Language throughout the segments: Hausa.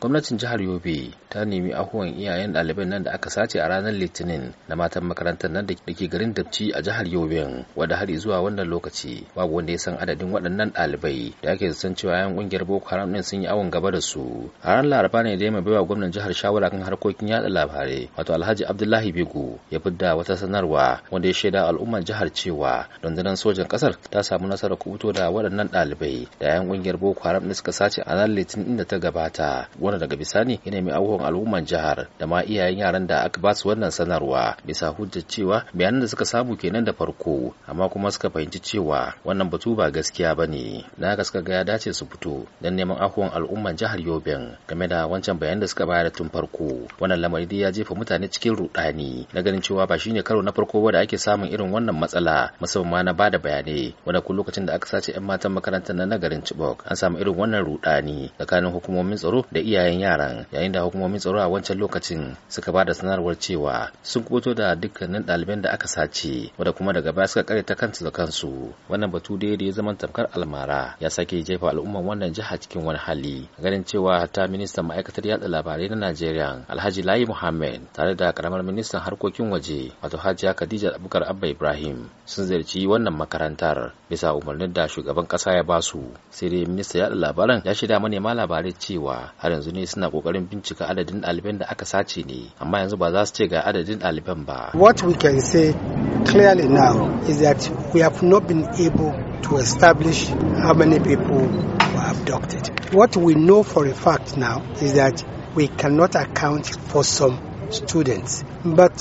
gwamnatin jihar yobe ta nemi ahuwan iyayen ɗaliban nan da aka sace a ranar litinin na matan makarantar nan da ke garin dabci a jihar yobe wadda har zuwa wannan lokaci babu wanda ya san adadin waɗannan ɗalibai da ake san cewa yan ƙungiyar boko haram ɗin sun yi awon gaba da su a ranar laraba ne da ya mai baiwa gwamnan jihar shawara kan harkokin yaɗa labarai wato alhaji abdullahi bego ya fidda wata sanarwa wanda ya shaida al'ummar jihar cewa dandanan sojan ƙasar ta samu nasarar kubuto da waɗannan ɗalibai da yan ƙungiyar boko haram ɗin suka sace a ranar litinin da ta gabata wani daga bisani ya nemi abubuwan al'umman jihar da ma iyayen yaran da aka basu wannan sanarwa bisa hujjar cewa bayanan da suka samu kenan da farko amma kuma suka fahimci cewa wannan batu ba gaskiya ba ne na haka suka ga ya dace su fito don neman ahuwan al'umman jihar yobin game da wancan bayanan da suka bayar tun farko wannan lamari dai ya jefa mutane cikin rudani na ganin cewa ba shine karo na farko ba da ake samun irin wannan matsala musamman na bada bayanai wanda kun lokacin da aka sace 'yan matan makarantar na garin Chibok an samu irin wannan rudani tsakanin hukumomin tsaro da iya iyayen yaran yayin da hukumomin tsaro a wancan lokacin suka ba da sanarwar cewa sun kubuto da dukkanin ɗaliban da aka sace wadda kuma daga baya suka kare ta kansu da kansu wannan batu da ya zama tamkar almara ya sake jefa al'umman wannan jiha cikin wani hali ganin cewa ta ministan ma'aikatar yada labarai na Najeriya Alhaji Layi muhammed tare da karamar ministan harkokin waje wato Hajiya Khadija Abubakar Abba Ibrahim sun ziyarci wannan makarantar bisa umarnin da shugaban kasa ya basu sai dai minista yada labaran ya shaida manema labarai cewa har yanzu yanzu ne suna kokarin bincika adadin ɗaliban da aka sace ne amma yanzu ba za su ce ga adadin ɗaliban ba what we can say clearly now is that we have not been able to establish how many people were abducted what we know for a fact now is that we cannot account for some students but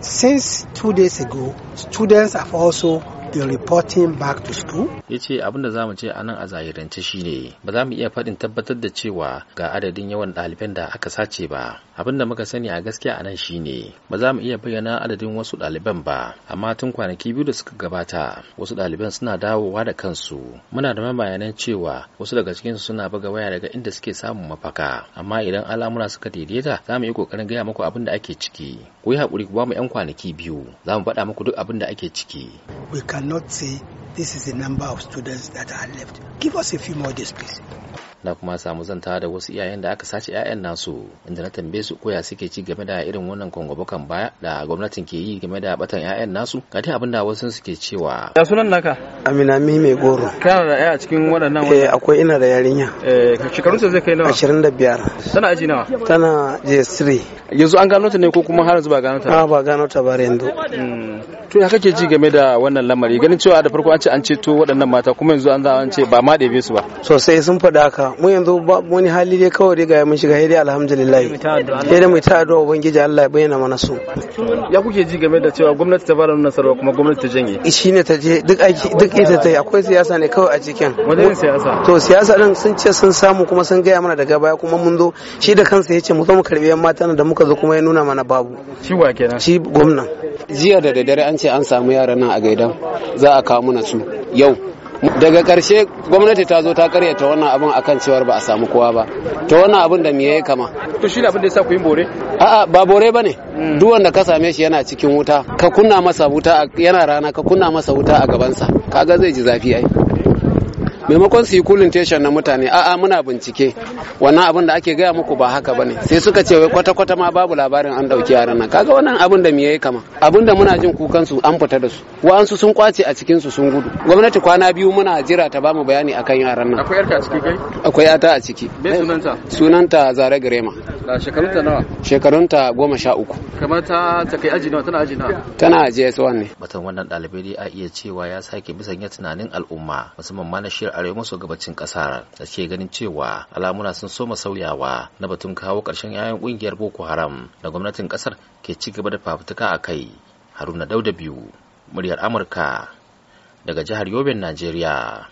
since two days ago students have also the reporting back to school. Ya ce abin da za mu ce a nan a zahirance ne ba za mu iya faɗin tabbatar da cewa ga adadin yawan ɗaliban da aka sace ba. Abin da muka sani a gaskiya a nan shi ne ba za mu iya bayyana adadin wasu ɗaliban ba amma tun kwanaki biyu da suka gabata wasu ɗaliban suna dawowa da kansu. Muna da mabayanan cewa wasu daga cikinsu suna buga waya daga inda suke samun mafaka amma idan al'amura suka daidaita za mu yi ƙoƙarin gaya muku abin da ake ciki. Ku yi haƙuri ku ba mu 'yan kwanaki biyu za mu faɗa muku duk abin da ake ciki. cannot say this is the number of students that are left. Give us a few more days, please. na kuma samu zanta da wasu iyayen da aka sace 'ya'yan nasu inda na tambaye su koya suke ci game da irin wannan kwangwabakan baya da gwamnatin ke yi game da batan 'ya'yan nasu ga dai abin da wasu suke cewa ya sunan naka amina mi mai goro kana da yaya cikin waɗannan wani eh akwai ina da yarinya eh shekarun zai kai nawa 25 tana aji nawa tana js3 yanzu an gano ta ne ko kuma har yanzu ba gano ta ba ah, gano ta ba yanzu hmm. to ya kake ji game da wannan lamari ganin cewa da farko an ce an ceto waɗannan mata kuma yanzu an an ce ba ma ɗebe su ba sosai sun faɗa haka mu yanzu ba wani hali dai kawai dai ga mun shiga dai alhamdulillah sai da mu ta addu'a ubangiji Allah ya bayyana mana su ya kuke ji game da cewa gwamnati ta fara nuna sarwa kuma gwamnati ta janye eh, shine ta je duk aiki duk ita ta yi akwai siyasa ne kawai a cikin wani siyasa to siyasa din sun ce sun samu kuma sun gaya mana daga baya kuma mun zo shi da kansa ya ce mu zo mu karbi yan mata da muka suka zo kuma ya nuna mana babu shi wa kenan shi gwamnan jiya da daddare an ce an samu yaran nan a gaidan za a kawo mana su yau daga karshe gwamnati ta zo ta karyata wannan abin akan cewar ba a samu kowa ba ta wannan abin da me ya kama to shi abin da yasa ku yin bore a'a ba bore bane hmm. duk wanda ka same shi yana cikin wuta ka kunna masa wuta yana rana ka kunna masa wuta a gabansa kaga zai ji zafi ai maimakon su yi kulin teshan na mutane a'a muna bincike wannan abin da ake gaya muku ba haka bane sai suka ce wai kwata kwata ma babu labarin an dauki yaran nan kaga wannan abin da miye kama abin da muna jin kukan su an fita da su wa'ansu sun kwace a cikin su sun gudu gwamnati kwana biyu muna jira ta bamu bayani akan yaran nan akwai yarka a ciki kai akwai yata a ciki sunanta sunanta zare grema Da shekarunta nawa? Shekarunta goma sha uku. Kamar ta ta kai aji nawa tana aji nawa? Tana aji ya tsawon ne. Batan wannan ɗalibai dai a iya cewa ya sake ya tunanin al'umma musamman ma na shiyar arewa maso gabacin ƙasar da ke ganin cewa alamuna sun soma sauyawa na batun kawo ƙarshen 'ya'yan ƙungiyar Boko Haram da gwamnatin ƙasar ke ci gaba da fafutuka a kai. Haruna Dauda biyu, muryar Amurka daga jihar Yobe, Najeriya.